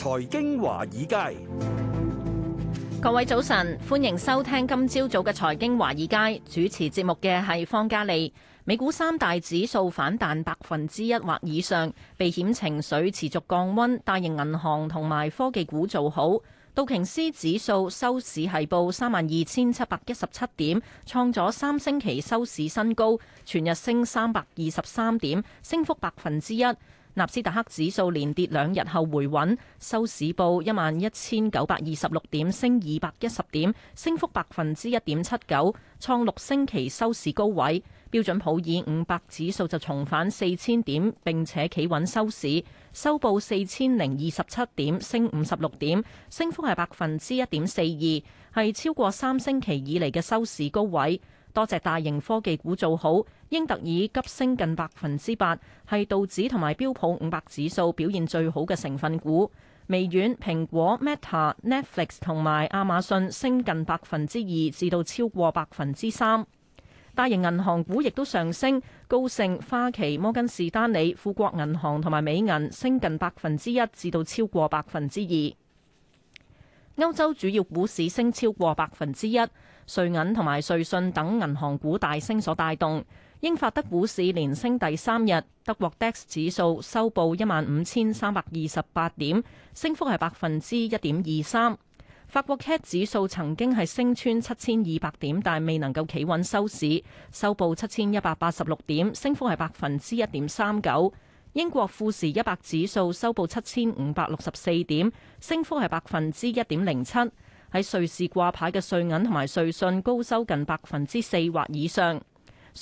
財經華爾街，各位早晨，歡迎收聽今朝早嘅財經華爾街。主持節目嘅係方嘉利。美股三大指數反彈百分之一或以上，避險情緒持續降溫，大型銀行同埋科技股做好。道瓊斯指數收市係報三萬二千七百一十七點，創咗三星期收市新高，全日升三百二十三點，升幅百分之一。納斯達克指數連跌兩日後回穩，收市報一萬一千九百二十六點，升二百一十點，升幅百分之一點七九，創六星期收市高位。標準普爾五百指數就重返四千點，並且企穩收市，收報四千零二十七點，升五十六點，升幅係百分之一點四二，係超過三星期以嚟嘅收市高位。多隻大型科技股做好，英特爾急升近百分之八，係道指同埋標普五百指數表現最好嘅成分股。微軟、蘋果、Meta、Netflix 同埋亞馬遜升近百分之二，至到超過百分之三。大型銀行股亦都上升，高盛、花旗、摩根士丹利、富國銀行同埋美銀升近百分之一，至到超過百分之二。歐洲主要股市升超過百分之一。瑞銀同埋瑞信等銀行股大升，所帶動英法德股市連升第三日。德國 DAX 指數收報一萬五千三百二十八點，升幅係百分之一點二三。法國 CAC 指數曾經係升穿七千二百點，但係未能夠企穩收市，收報七千一百八十六點，升幅係百分之一點三九。英國富時一百指數收報七千五百六十四點，升幅係百分之一點零七。喺瑞士掛牌嘅瑞銀同埋瑞信高收近百分之四或以上。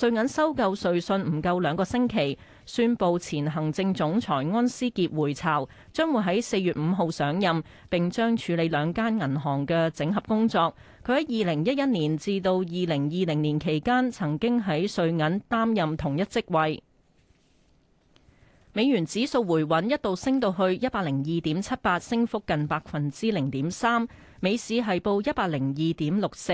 瑞銀收購瑞信唔夠兩個星期，宣布前行政總裁安思傑回巢，將會喺四月五號上任，並將處理兩間銀行嘅整合工作。佢喺二零一一年至到二零二零年期間曾經喺瑞銀擔任同一職位。美元指數回穩，一度升到去一百零二點七八，升幅近百分之零點三。美市係報一百零二點六四。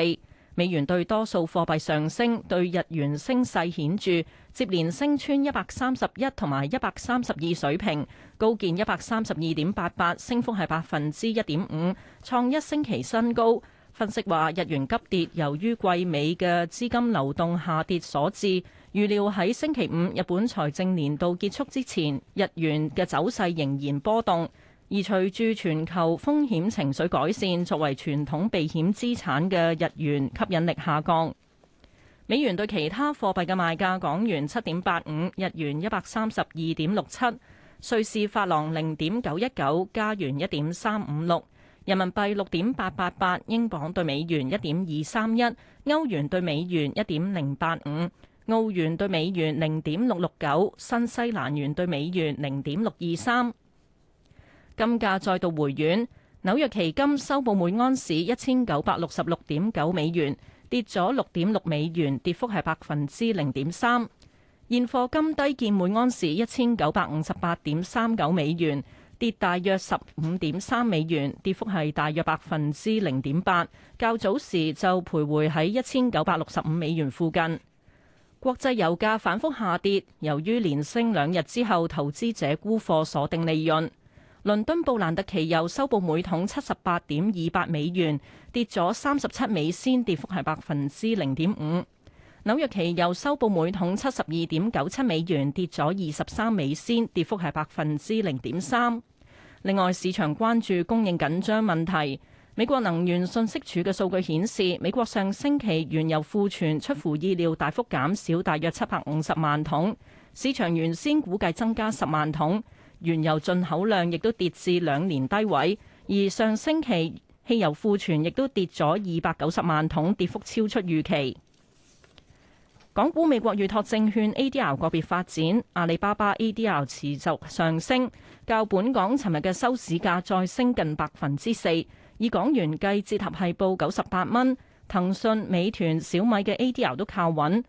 美元對多數貨幣上升，對日元升勢顯著，接連升穿一百三十一同埋一百三十二水平，高見一百三十二點八八，升幅係百分之一點五，創一星期新高。分析話，日元急跌，由於季尾嘅資金流動下跌所致。預料喺星期五日本財政年度結束之前，日元嘅走勢仍然波動。而隨住全球風險情緒改善，作為傳統避險資產嘅日元吸引力下降。美元對其他貨幣嘅賣價：港元七點八五，日元一百三十二點六七，瑞士法郎零點九一九，加元一點三五六。人民幣六點八八八，英鎊對美元一點二三一，歐元對美元一點零八五，澳元對美元零點六六九，新西蘭元對美元零點六二三。金價再度回軟，紐約期金收報每安士一千九百六十六點九美元，跌咗六點六美元，跌幅係百分之零點三。現貨金低見每安士一千九百五十八點三九美元。跌大約十五點三美元，跌幅係大約百分之零點八。較早時就徘徊喺一千九百六十五美元附近。國際油價反復下跌，由於連升兩日之後，投資者沽貨鎖定利潤。倫敦布蘭特期油收報每桶七十八點二百美元，跌咗三十七美仙，跌幅係百分之零點五。紐約期油收報每桶七十二點九七美元，跌咗二十三美仙，跌幅係百分之零點三。另外，市場關注供應緊張問題。美國能源信息署嘅數據顯示，美國上星期原油庫存出乎意料大幅減少，大約七百五十萬桶。市場原先估計增加十萬桶。原油進口量亦都跌至兩年低位，而上星期汽油庫存亦都跌咗二百九十萬桶，跌幅超出預期。港股美國預託證券 ADR 個別發展，阿里巴巴 ADR 持續上升，較本港尋日嘅收市價再升近百分之四，以港元計，折合係報九十八蚊。騰訊、美團、小米嘅 ADR 都靠穩，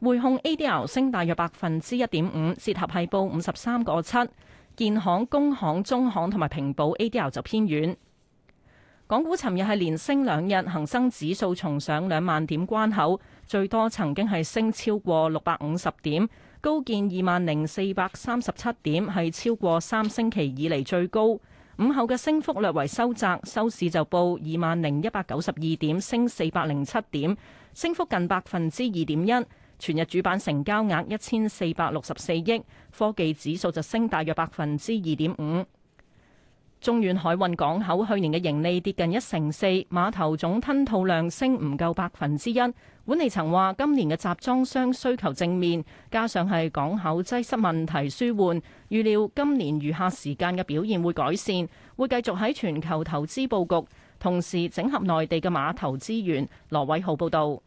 匯控 ADR 升大約百分之一點五，折合係報五十三個七。建行、工行、中行同埋平保 ADR 就偏軟。港股尋日係連升兩日，恒生指數重上兩萬點關口，最多曾經係升超過六百五十點，高見二萬零四百三十七點，係超過三星期以嚟最高。午後嘅升幅略為收窄，收市就報二萬零一百九十二點，升四百零七點，升幅近百分之二點一。全日主板成交額一千四百六十四億，科技指數就升大約百分之二點五。中遠海運港口去年嘅盈利跌近一成四，碼頭總吞吐量升唔夠百分之一。管理層話今年嘅集裝箱需求正面，加上係港口擠塞問題舒緩，預料今年餘下時間嘅表現會改善，會繼續喺全球投資佈局，同時整合內地嘅碼頭資源。羅偉浩報道。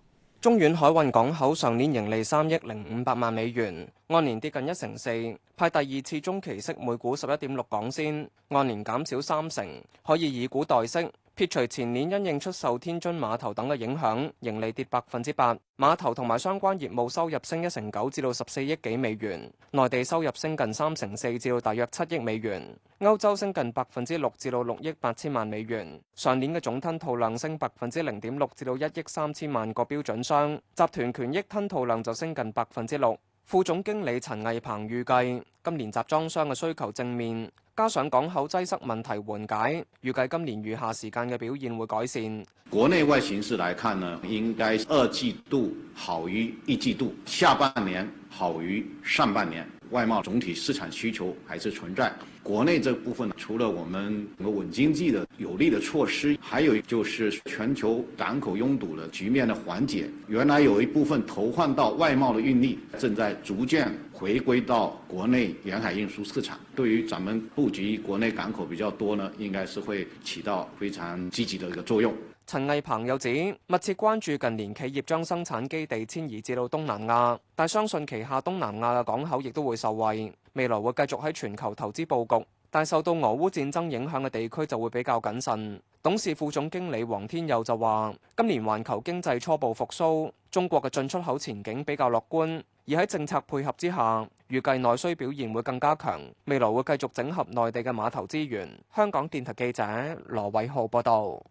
中遠海運港口上年盈利三億零五百萬美元，按年跌近一成四，派第二次中期息每股十一點六港仙，按年減少三成，可以以股代息。撇除前年因應出售天津碼頭等嘅影響，盈利跌百分之八，碼頭同埋相關業務收入升一成九，至到十四億幾美元；內地收入升近三成四，至到大約七億美元；歐洲升近百分之六，至到六億八千萬美元。上年嘅總吞吐量升百分之零點六，至到一億三千萬個標準箱。集團權益吞吐量就升近百分之六。副總經理陳毅鵬預計今年集裝箱嘅需求正面。加上港口擠塞問題緩解，預計今年餘下時間嘅表現會改善。國內外形勢來看呢，應該二季度好於一季度，下半年好於上半年。外貿總體市場需求還是存在。國內這部分除了我們整個穩經濟的有力的措施，還有就是全球港口擁堵的局面的緩解。原來有一部分投放到外貿的運力，正在逐漸回歸到國內沿海運輸市場對於咱們布局國內港口比較多呢，應該是會起到非常積極的一個作用。陳藝鵬又指，密切關注近年企業將生產基地遷移至到東南亞，但相信旗下東南亞嘅港口亦都會受惠。未來會繼續喺全球投資佈局，但受到俄烏戰爭影響嘅地區就會比較謹慎。董事副總經理黃天佑就話：今年環球經濟初步復甦，中國嘅進出口前景比較樂觀，而喺政策配合之下，預計內需表現會更加強。未來會繼續整合內地嘅碼頭資源。香港電台記者羅偉浩報導。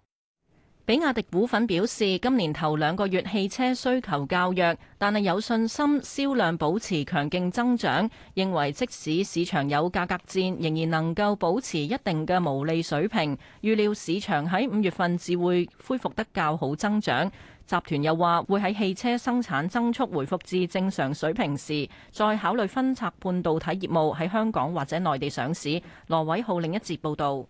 比亞迪股份表示，今年頭兩個月汽車需求較弱，但係有信心銷量保持強勁增長。認為即使市場有價格戰，仍然能夠保持一定嘅毛利水平。預料市場喺五月份至會恢復得較好增長。集團又話會喺汽車生產增速回復至正常水平時，再考慮分拆半導體業務喺香港或者內地上市。羅偉浩另一節報道。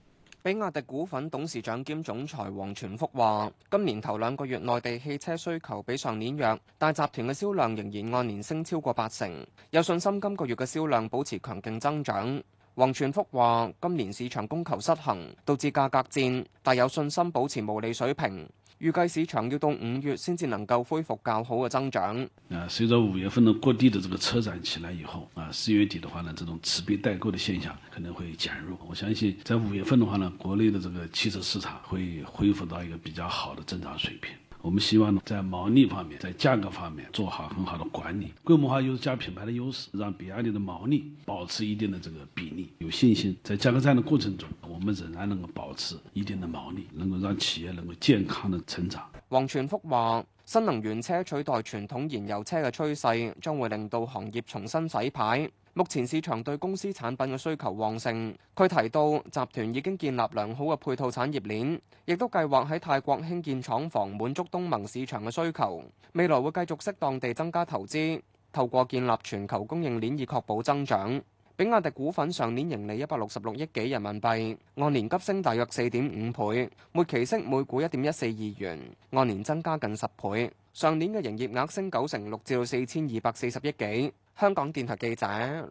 比亞迪股份董事長兼總裁王傳福話，今年頭兩個月內地汽車需求比上年弱，但集團嘅銷量仍然按年升超過八成，有信心今個月嘅銷量保持強勁增長。王傳福話，今年市場供求失衡，導致價格戰，但有信心保持毛利水平。預計市場要到五月先至能夠恢復較好的增長。啊，隨着五月份的各地的這個車展起來以後，啊，四月底的話呢，這種持幣待購的現象可能會減弱。我相信在五月份的話呢，國內的這個汽車市場會恢復到一個比較好的增長水平。我們希望呢，在毛利方面，在價格方面做好很好的管理，規模化優勢加品牌的優勢，讓比亞迪的毛利保持一定的這個比。有信心在價格戰嘅過程中，我們仍然能夠保持一定的毛利，能夠讓企業能夠健康的成長。王傳福話，新能源車取代傳統燃油車嘅趨勢，將會令到行業重新洗牌。目前市場對公司產品嘅需求旺盛。佢提到，集團已經建立良好嘅配套產業鏈，亦都計劃喺泰國興建廠房，滿足東盟市場嘅需求。未來會繼續適當地增加投資，透過建立全球供應鏈以確保增長。比亞迪股份上年盈利一百六十六億幾人民幣，按年急升大約四點五倍，末期息每股一點一四二元，按年增加近十倍。上年嘅營業額升九成六，至四千二百四十億幾。香港電台記者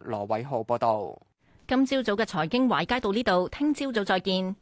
羅偉浩報道。今朝早嘅財經華爾街到呢度，聽朝早，早再見。